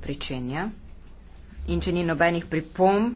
pričenja. In če ni nobenih pripomb,